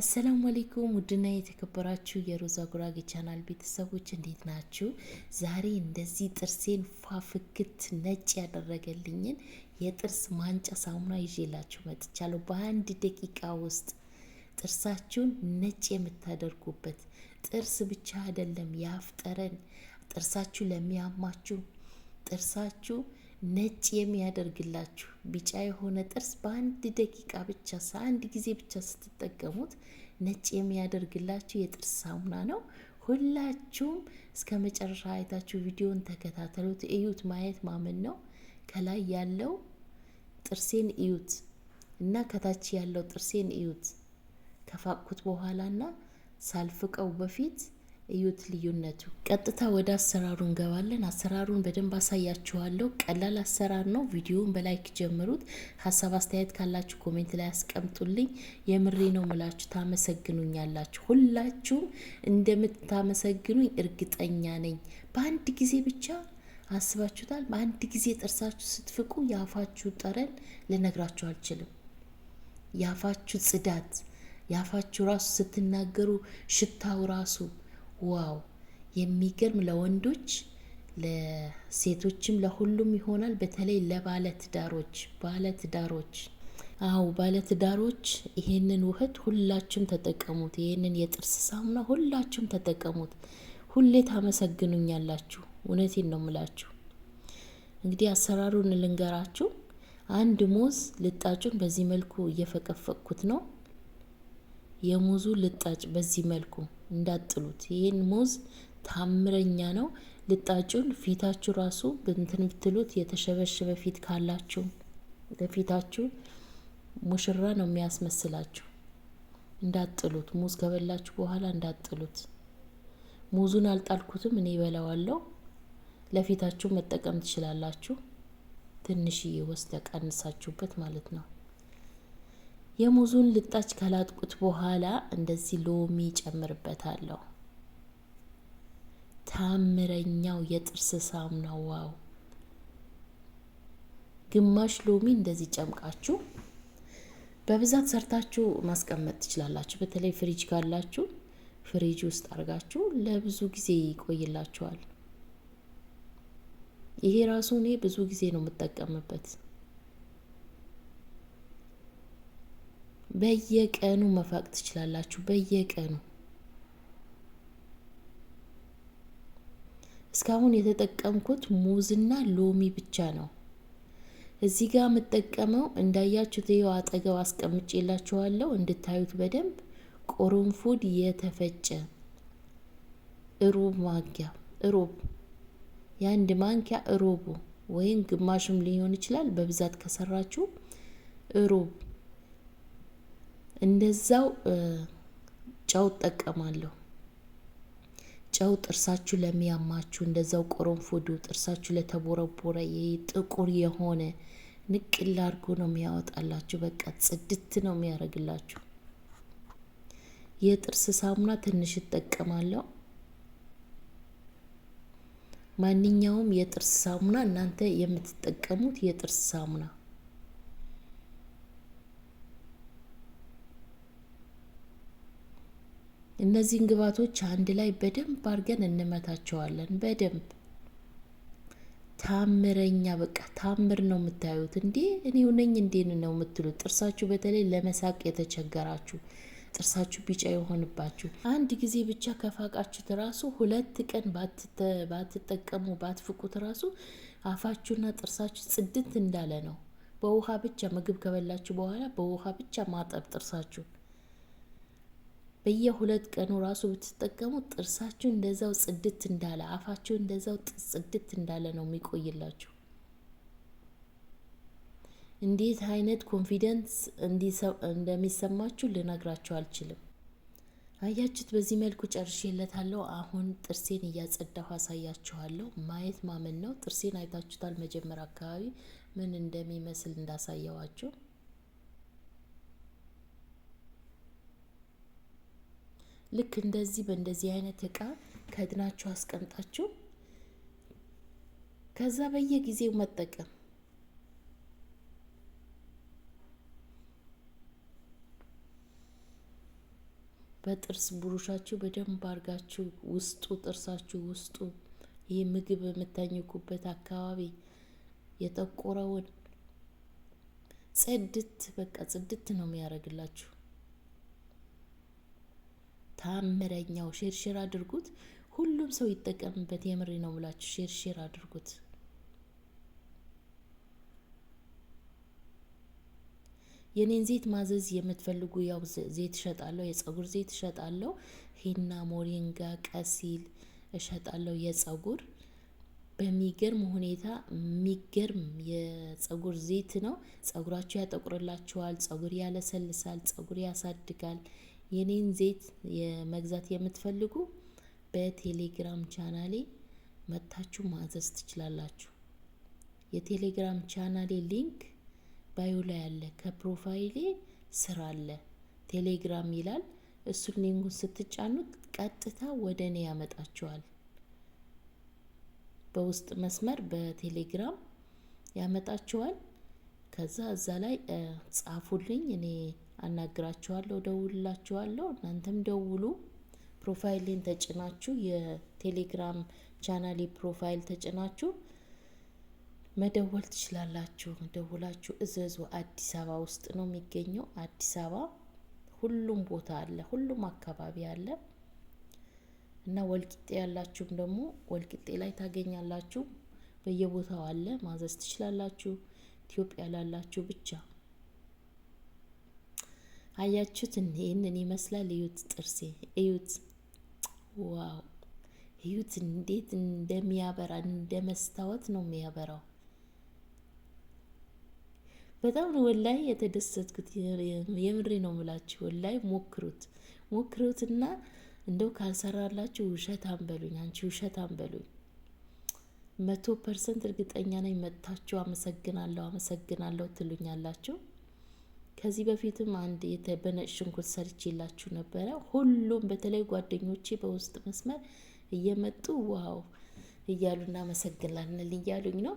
አሰላሙ አሌይኩም ውድና የተከበራችሁ የሮዛ ጉራጌ ቻናል ቤተሰቦች እንዴት ናችሁ? ዛሬ እንደዚህ ጥርሴን ፋፍክት ነጭ ያደረገልኝን የጥርስ ማንጫ ሳሙና ይዤላችሁ መጥቻለሁ። በአንድ ደቂቃ ውስጥ ጥርሳችሁን ነጭ የምታደርጉበት ጥርስ ብቻ አይደለም፣ ያፍጠረን ጥርሳችሁ ለሚያማችሁ ጥርሳችሁ ነጭ የሚያደርግላችሁ ቢጫ የሆነ ጥርስ በአንድ ደቂቃ ብቻ አንድ ጊዜ ብቻ ስትጠቀሙት ነጭ የሚያደርግላችሁ የጥርስ ሳሙና ነው። ሁላችሁም እስከ መጨረሻ አይታችሁ ቪዲዮን ተከታተሉት፣ እዩት። ማየት ማመን ነው። ከላይ ያለው ጥርሴን እዩት እና ከታች ያለው ጥርሴን እዩት። ከፋቅኩት በኋላ እና ሳልፍቀው በፊት እዩት ልዩነቱ። ቀጥታ ወደ አሰራሩ እንገባለን። አሰራሩን በደንብ አሳያችኋለሁ። ቀላል አሰራር ነው። ቪዲዮውን በላይክ ጀምሩት። ሀሳብ አስተያየት ካላችሁ ኮሜንት ላይ አስቀምጡልኝ። የምሬ ነው ምላችሁ ታመሰግኑኛላችሁ። ሁላችሁም እንደምታመሰግኑኝ እርግጠኛ ነኝ። በአንድ ጊዜ ብቻ አስባችሁታል። በአንድ ጊዜ ጥርሳችሁ ስትፍቁ የአፋችሁ ጠረን ልነግራችሁ አልችልም። የአፋችሁ ጽዳት፣ የአፋችሁ ራሱ ስትናገሩ ሽታው ራሱ ዋው የሚገርም ለወንዶች ለሴቶችም ለሁሉም ይሆናል። በተለይ ለባለት ዳሮች ባለ ባለትዳሮች አዎ ባለ ይሄንን ውህድ ሁላችሁም ተጠቀሙት። ይሄንን የጥርስ ሳሙና ሁላችሁም ተጠቀሙት። ሁሌ ታመሰግኑኛላችሁ። እውነቴን ነው ምላችሁ። እንግዲህ አሰራሩን ልንገራችሁ። አንድ ሙዝ ልጣጩን በዚህ መልኩ እየፈቀፈቅኩት ነው። የሙዙ ልጣጭ በዚህ መልኩ እንዳጥሉት። ይህን ሙዝ ታምረኛ ነው። ልጣጩን ፊታችሁ ራሱ ብንትን ብትሉት የተሸበሸበ ፊት ካላችሁ ለፊታችሁ ሙሽራ ነው የሚያስመስላችሁ። እንዳጥሉት ሙዝ ከበላችሁ በኋላ እንዳጥሉት። ሙዙን አልጣልኩትም እኔ ይበላዋለሁ። ለፊታችሁ መጠቀም ትችላላችሁ። ትንሽዬ ወስደ ቀንሳችሁበት ማለት ነው። የሙዙን ልጣጭ ከላጥቁት በኋላ እንደዚህ ሎሚ ጨምርበታለሁ። ታምረኛው የጥርስ ሳሙና ዋው! ግማሽ ሎሚ እንደዚህ ጨምቃችሁ በብዛት ሰርታችሁ ማስቀመጥ ትችላላችሁ። በተለይ ፍሪጅ ካላችሁ ፍሪጅ ውስጥ አድርጋችሁ ለብዙ ጊዜ ይቆይላችኋል። ይሄ ራሱ እኔ ብዙ ጊዜ ነው የምጠቀምበት። በየቀኑ መፋቅ ትችላላችሁ። በየቀኑ እስካሁን የተጠቀምኩት ሙዝና ሎሚ ብቻ ነው። እዚህ ጋር የምጠቀመው እንዳያችሁት ይኸው አጠገብ አስቀምጬላችኋለሁ እንድታዩት በደንብ ቅርንፉድ የተፈጨ ሩብ ማንኪያ ሩብ የአንድ ማንኪያ ሩቡ ወይም ግማሽም ሊሆን ይችላል። በብዛት ከሰራችሁ ሩብ እንደዛው ጨው እጠቀማለሁ። ጨው ጥርሳችሁ ለሚያማችሁ፣ እንደዛው ቅርንፉዱ ጥርሳችሁ ለተቦረቦረ ይሄ ጥቁር የሆነ ንቅል አድርጎ ነው የሚያወጣላችሁ። በቃ ጽድት ነው የሚያደርግላችሁ። የጥርስ ሳሙና ትንሽ እጠቀማለሁ። ማንኛውም የጥርስ ሳሙና እናንተ የምትጠቀሙት የጥርስ ሳሙና እነዚህን ግብዓቶች አንድ ላይ በደንብ አድርገን እንመታቸዋለን። በደንብ ታምረኛ በቃ ታምር ነው የምታዩት። እንዴ እኔ ነኝ እንዴን ነው የምትሉት። ጥርሳችሁ በተለይ ለመሳቅ የተቸገራችሁ ጥርሳችሁ ቢጫ የሆንባችሁ አንድ ጊዜ ብቻ ከፋቃችሁት ራሱ ሁለት ቀን ባትጠቀሙ ባትፍቁት ራሱ አፋችሁና ጥርሳችሁ ጽድት እንዳለ ነው። በውሃ ብቻ ምግብ ከበላችሁ በኋላ በውሃ ብቻ ማጠብ ጥርሳችሁ በየሁለት ቀኑ ራሱ ብትጠቀሙ ጥርሳችሁ እንደዛው ጽድት እንዳለ፣ አፋችሁ እንደዛው ጽድት እንዳለ ነው የሚቆይላችሁ። እንዴት አይነት ኮንፊደንስ እንደሚሰማችሁ ልነግራችሁ አልችልም። አያችሁት? በዚህ መልኩ ጨርሼለታለሁ። አሁን ጥርሴን እያጸዳሁ አሳያችኋለሁ። ማየት ማመን ነው። ጥርሴን አይታችሁታል መጀመር አካባቢ ምን እንደሚመስል እንዳሳየዋችሁ ልክ እንደዚህ በእንደዚህ አይነት እቃ ከድናችሁ አስቀምጣችሁ ከዛ በየጊዜው መጠቀም በጥርስ ብሩሻችሁ በደንብ አርጋችሁ ውስጡ ጥርሳችሁ ውስጡ ይህ ምግብ በምታኝኩበት አካባቢ የጠቆረውን ጽድት በቃ ጽድት ነው የሚያደርግላችሁ። ታምረኛው ሼርሼር አድርጉት። ሁሉም ሰው ይጠቀምበት። የምሬ ነው ብላችሁ ሼርሼር አድርጉት። የኔን ዜት ማዘዝ የምትፈልጉ ያው ዜት እሸጣለሁ፣ የጸጉር ዜት እሸጣለሁ። ሂና፣ ሞሪንጋ፣ ቀሲል እሸጣለሁ። የጸጉር በሚገርም ሁኔታ የሚገርም የጸጉር ዜት ነው። ጸጉራችሁ ያጠቁርላችኋል፣ ጸጉር ያለሰልሳል፣ ጸጉር ያሳድጋል። የኔን ዘይት መግዛት የምትፈልጉ በቴሌግራም ቻናሌ መታችሁ ማዘዝ ትችላላችሁ። የቴሌግራም ቻናሌ ሊንክ ባዩ ላይ አለ። ከፕሮፋይሌ ስር አለ፣ ቴሌግራም ይላል። እሱን ሊንኩን ስትጫኑት ቀጥታ ወደ እኔ ያመጣችኋል። በውስጥ መስመር በቴሌግራም ያመጣችኋል። ከዛ እዛ ላይ ጻፉልኝ፣ እኔ አናግራችኋለሁ፣ ደውልላችኋለሁ። እናንተም ደውሉ። ፕሮፋይልን ተጭናችሁ የቴሌግራም ቻናሌ ፕሮፋይል ተጭናችሁ መደወል ትችላላችሁ። ደውላችሁ እዘዙ። አዲስ አበባ ውስጥ ነው የሚገኘው። አዲስ አበባ ሁሉም ቦታ አለ፣ ሁሉም አካባቢ አለ እና ወልቂጤ ያላችሁም ደግሞ ወልቂጤ ላይ ታገኛላችሁ። በየቦታው አለ፣ ማዘዝ ትችላላችሁ። ኢትዮጵያ ላላችሁ ብቻ። አያችሁትን? ይህንን ይመስላል። እዩት፣ ጥርሴ እዩት፣ ዋው እዩት፣ እንዴት እንደሚያበራ እንደ መስታወት ነው የሚያበራው። በጣም ነው ወላይ የተደሰትኩት። የምሬ ነው ምላችሁ። ወላይ ሞክሩት፣ ሞክሩትና እንደው ካልሰራላችሁ ውሸት አንበሉኝ፣ አንቺ ውሸት አንበሉኝ። መቶ ፐርሰንት እርግጠኛ ነኝ መጥታችሁ አመሰግናለሁ አመሰግናለሁ ትሉኛላችሁ። ከዚህ በፊትም አንድ በነጭ ሽንኩርት ሰርች ላችሁ ነበረ። ሁሉም በተለይ ጓደኞቼ በውስጥ መስመር እየመጡ ዋው እያሉ እናመሰግናለን እያሉኝ ነው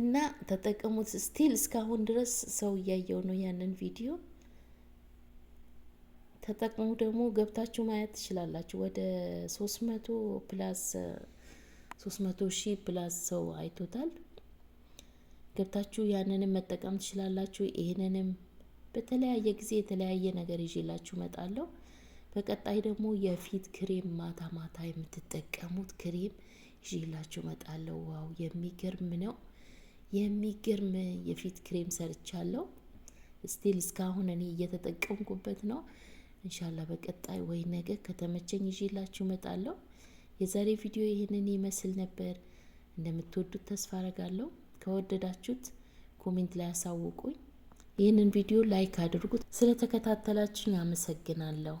እና ተጠቀሙት። ስቲል እስካሁን ድረስ ሰው እያየው ነው ያንን ቪዲዮ ተጠቅሙ ደግሞ ገብታችሁ ማየት ትችላላችሁ። ወደ ሶስት መቶ ፕላስ 300 ሺህ ፕላስ ሰው አይቶታል። ገብታችሁ ያንንም መጠቀም ትችላላችሁ። ይህንንም በተለያየ ጊዜ የተለያየ ነገር ይዤላችሁ መጣለሁ በቀጣይ ደግሞ የፊት ክሬም ማታ ማታ የምትጠቀሙት ክሬም ይዤላችሁ መጣለሁ ዋው የሚገርም ነው። የሚገርም የፊት ክሬም ሰርቻለሁ። ስቲል እስካሁን እኔ እየተጠቀምኩበት ነው። እንሻላ በቀጣይ ወይ ነገ ከተመቸኝ ይዤላችሁ መጣለሁ። የዛሬ ቪዲዮ ይህንን ይመስል ነበር። እንደምትወዱት ተስፋ አረጋለሁ። ከወደዳችሁት ኮሜንት ላይ አሳውቁኝ። ይህንን ቪዲዮ ላይክ አድርጉት። ስለተከታተላችሁኝ አመሰግናለሁ።